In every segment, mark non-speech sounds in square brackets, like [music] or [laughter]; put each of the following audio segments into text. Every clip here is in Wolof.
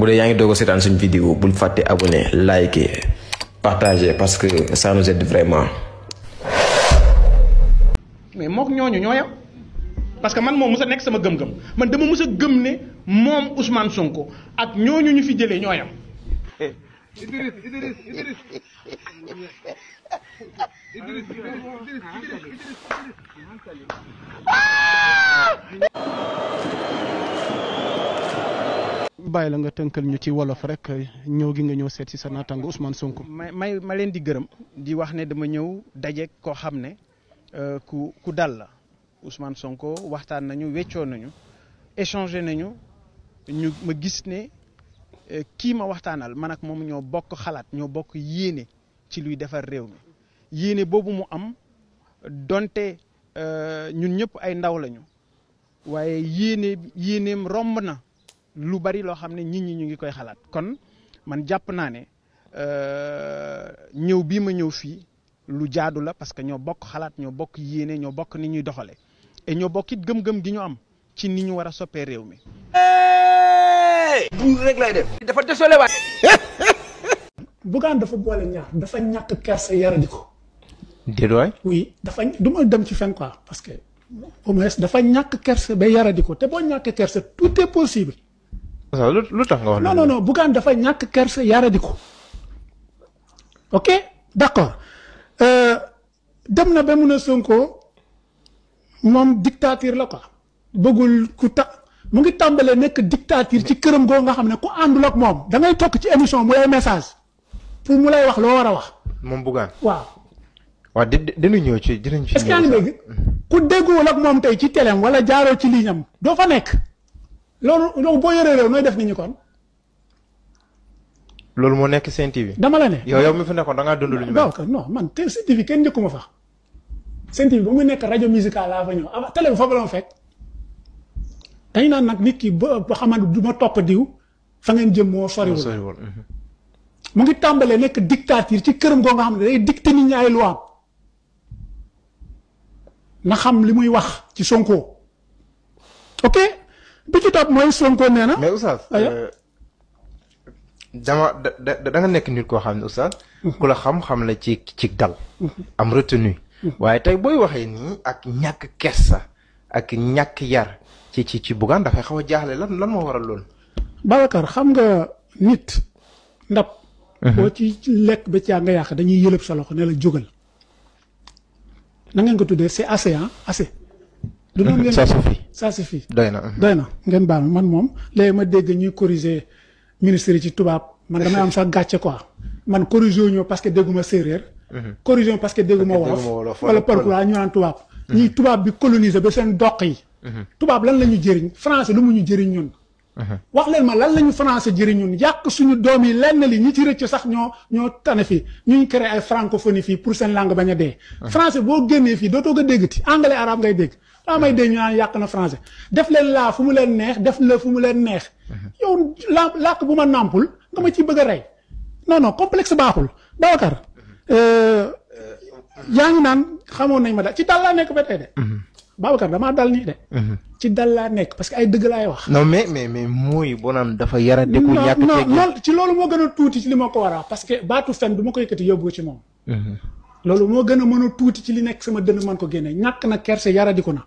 vous voulez dogo ngi dans une suñu vidéo vous abonné liker partager parce que ça nous aide vraiment. mais moi parce que bàyyi la nga tënkal ñu ci wolof rek ñoo gi nga ñëw seet si sa naataango Ousmane Sonko. may may ma leen di gërëm di wax ne dama ñëw daje koo xam ne euh, ku ku dal la Ousmane Sonko waxtaan nañu weccoo nañu échangé nañu ñu ma gis ne euh, kii ma waxtaanal man ak moom ñoo bokk xalaat ñoo bokk yéene ci luy defar réew mi yéene boobu mu am donte euh, ñun ñëpp ay ndaw lañu waaye yéene yéeneem romb na. lu bari loo xam ne nit ñi ñu ngi koy xalaat kon man jàpp naa ne euh, ñëw bii ma ñëw fii lu jaadu la parce que ñoo bokk xalaat ñoo bokk yéene ñoo bokk ni ñuy doxale et ñoo bokk it gëm-gëm gi ñu am ci ni ñu war a soppee réew mi. buur rek dafa désolé [laughs] dafa boole ñaar dafa ñàkk kersa yaradi ko. déedéet. oui dafa du dem ci fen quoi parce que au moins dafa ñàkk kerse ba yaradi ko te boo ñàkk kersa tout est possible. lu tax nga wax non non non Bougane dafa ñàkk kersa yaradi ko ok d'accord euh, dem na ba mun a sonkoo moom dictature la ko bëggul ku ta mu ngi tàmbalee nekk dictature ci këram goo nga xam ne ku àndul ak moom da ngay tokk ci émission mu lay message pour mu lay wax loo war a wax. moom Bougane waaw. waaw di dinañ ñëw ci dinañ ci. est-ce que yaa ngi ku déggoo ak moom tey ci teleem wala jaaroo ci ligne am doo fa nekk. loolu loolu boo yoree réew nooy def nit ñi kon. loolu moo nekk Sen TV. dama la ne yow yow mi fi nekkoon da ngaa dund lu ñu mel. non man te Sen TV kenn njëkkuma fa. Sen TV ba mu nekk rajo musicale laa fa ñëw ah télé nag nit ki ba xaman xamante du topp diw fa ngeen jëm moo soriwul. Mhm. mu ngi tàmbalee nekk dictature ci këram koo nga xam ne day dicté nit ñi ay loi na xam li muy wax ci Sonko bi ci topp Sonko nee mais Oustaz. dama euh, da nga nekk nit koo xam-xam la ci ci dal. am retenu. waaye tey booy waxee nii ak ñàkk kersa ak yar ci ci ci Bougane dafay xaw a jaaxle lan lan moo waral xam nga nit ndab. Mhm. boo ci lekk ba caa nga yàq dañuy yëlëb sa loxo ne la jógal. na ngeen ko tuddee c'est assez assez. du ngeen ça suffit. doy na doy na ngeen baal man moom léegi ma dégg ñuy corriger ministre yi ci tubaab man damay am sa gàcce quoi man corriger wu ñu parce que dégguma séeréer. Mhm. corriger parce que dégguma wolof wala parfois ñu naan tubaab. Mhm. ñuy tubaab bi coloniser ba seen doq yi. Mhm. tubaab lan la ñu jëriñ france lu mu ñu jëriñ ñun. wax leen ma lan la ñu français jëriñ ñun yàq suñu doom yi lenn li ñu ci rëcc sax ñoo ñoo tane fii ñu créé ay francophonie fii pour seen langue bañ a dee. boo génnee fii dootoo ko déggati anglais arabe ngay dégg. daa ay dégg ñaa yàq na français def leen laa fu mu leen neex def la fu mu leen neex. Mhm. yow la làkk bu ma nàmpul nga ma ciy bëgg a rey non non complexe baaxul Babacar. Mhm. Euh, yaa ngi naan xamoon nañ ma daal ci dal laa nekk ba tey de. Mhm. Babacar damaa de. ci laa nekk parce que ay dëgg laay wax. non mais mais mais mooy boo naan dafa yara de ku ñàkk non ci loolu moo gën a tuuti ci li ma ko war a parce que baatu fen du ma ko yëkkati yóbbu ci moom. loolu moo gën a mën a tuuti ci li nekk sama dënn man ko génne ñàkk na kerse yaradiku na.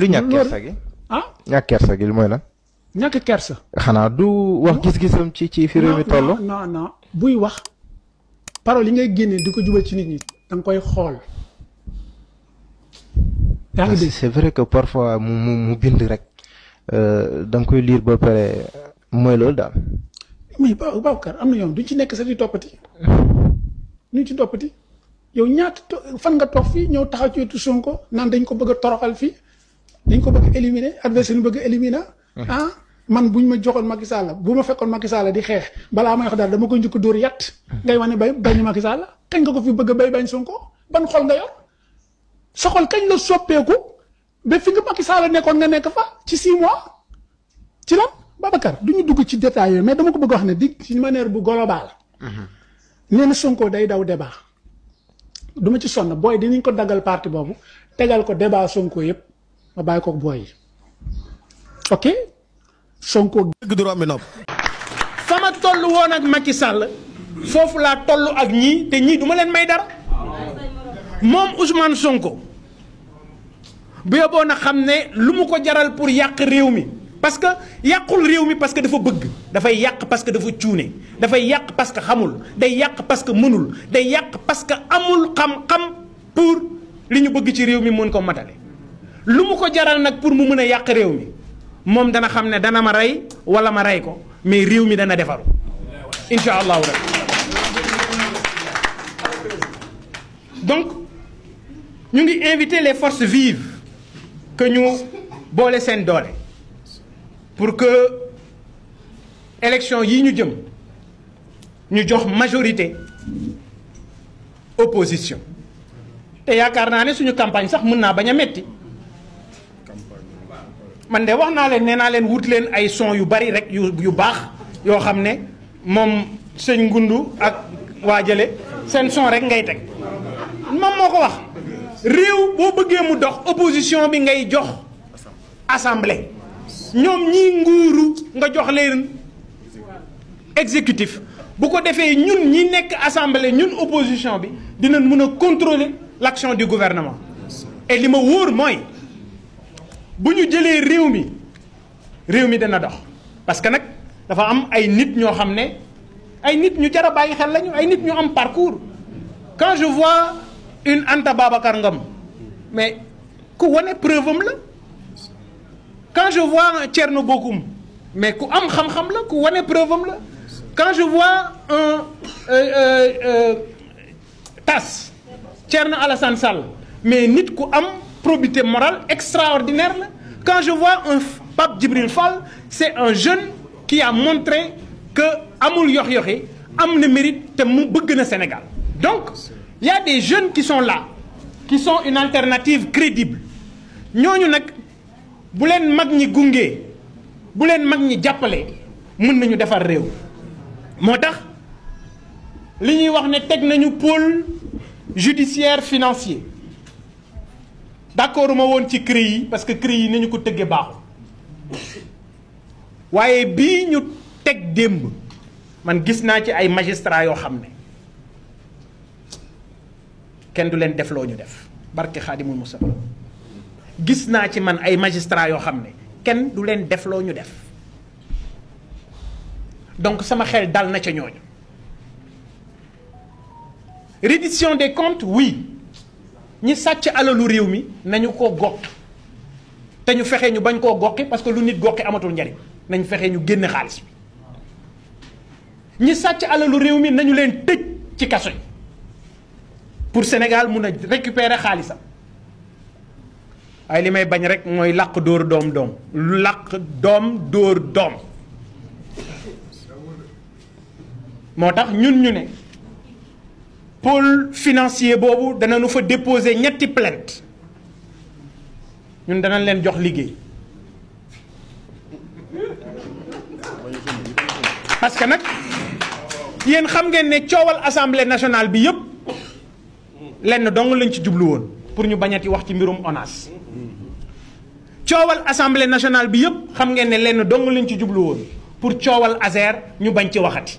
lu ñàkk kersa gi ah ñàkk kersa gi moy lan ñàkk kersa xana du wax gis-gisam ci ci fi rewmi tollu toll non non buy wax parole li ngay génne diko ko jubal ci nit ñi dang koy xol yaa ah, c'est vrai que parfois mu mu mu bind rek euh dang koy lire ba paré moy lol dal mais ba ba kar amna ñom duñ ci nek sa di topati ñu ci topati yow ñaat fan nga tok fi ñew taxaw ci tu sonko nan dañ ko bëgg toroxal fi dañ ko bëgg éliminer adversaire bëgg éliminer ah man buñ ma joxoon Macky Sall bu ma fekkoon Macky Sall di xeex balaa may wax daal dama koy njëkk dóor yàtt ngay wane ba bañ Macky Sall kañ nga ko fi bëgg bay bañ Sonko ban xol nga yor sa xol kañ la soppeeku ba fi nga Macky nekkoon nga nekk fa ci six mois ci lan Babacar du ñu dugg ci détails mais dama ko bëgg wax ne di ci manière bu global mm-hmm. nee na Sonko day daw débat du ma ci sonn booy dinañ ko daggal parti boobu tegal ko débat Sonko yëpp ma bàyyi kook booy ok Sonko dëgg du rombi nopp fama toll woon ak Macky Sall foofu laa toll ak ñii te ñii duma leen may dara moom Ousmane Sonko bu yóbboo na xam ne lu mu ko jaral pour yàq réew mi parce que yàqul réew mi parce que dafa bëgg dafay yàq parce que dafa cuune dafay yàq parce que xamul day yàq parce que mënul day yàq parce que amul xam-xam pour li ñu bëgg ci réew mi mën ko matale lu mu ko jaral nak pour mu meuna yak yàq réew mi moom dana xamne dana ma ray wala ma ray ko mais réew mi dana defaru inshallah allahu rabbi donc ñu ngi inviter les forces vives que ñu bolé sen doole pour que élection yi ñu jëm ñu jox majorité opposition te yaakaar naa ne suñu campagne sax mën naa bañ a metti man de wax naa leen nee naa wut leen ay son yu bari rek yu yu bax yo xamne mom seigne Ngundu ak waajale sen son rek ngay tek mom moko wax réew bo beugé mu dox opposition bi ngay jox assemblée ñom ñi nguuru nga jox leen exécutif bu ko défé ñun ñi nek assemblée ñun opposition bi dinañ mëna contrôler l'action du gouvernement et li ma wóor moy bu ñu jëlee réew mi réew mi dana dox parce que nag dafa am ay nit ñoo xam ne ay nit ñu jar a bàyyi xel lañu ay nit ñu am parcours. quand je vois une Anta Babacar ngam mais ku wane preuve am la quand je vois un Thierno bokum mais ku am xam-xam la ku wane preuve am la quand je vois un euh, euh, euh tas Thierno Alassane Sall mais nit ku am probité morale extraordinaire. Là. Quand je vois un pape d'Ibril Fall, c'est un jeune qui a montré que Amoul Yoryore a le mérite de le Sénégal. Donc, il y a des jeunes qui sont là, qui sont une alternative crédible. Nous, nous, bu leen mag ñi nous bu leen mag ñi jàppale mën nañu defar réew moo tax nous, wax ne teg nañu pôle judiciaire financier d'accord ma woon ci CREI parce que CREI yi nañu ko tëggee baaxul waaye bi ñu teg demb man gis na ci ay magistrats yo xamné ken du leen def loo ñu def barke xaadimul mustafa gis na ci man ay magistrats yo xamné ken du leen def loo ñu def donc sama xel dal na ci ñooñu reddition des comptes oui ñi sàcc alalu réew mi nañu ko gokk te ñu fexe ñu bañ koo goqi parce que lu nit goqi amatul njariñ nañ fexe ñu génn xaalis bi ñi sàcc alalu réew mi nañu leen tëj ci kaso yi pour Sénégal mun a récupérer xaalisam waaye li may bañ rek mooy làq dóor doom doom làq doom dóor doom moo tax ñun ñu ne pôle financier bobu boobu danañu fa déposer ñetti plainte ñun danañ leen jox liguey parce que nag yéen xam ngeen ne coowal assemblée nationale bi yépp lenn dong lañ ci djublu won pour ñu bañati wax ci mbirum ONAS coowal assemblée nationale bi yépp xam ngeen ne lenn dong lañ ci djublu won pour coowal azer ñu bañ ci waxati.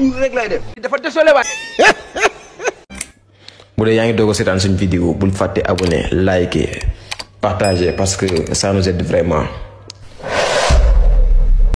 vous régler. lay Vous [laughs] de vidéo vous fàtte abonner liker partager parce que ça nous aide vraiment.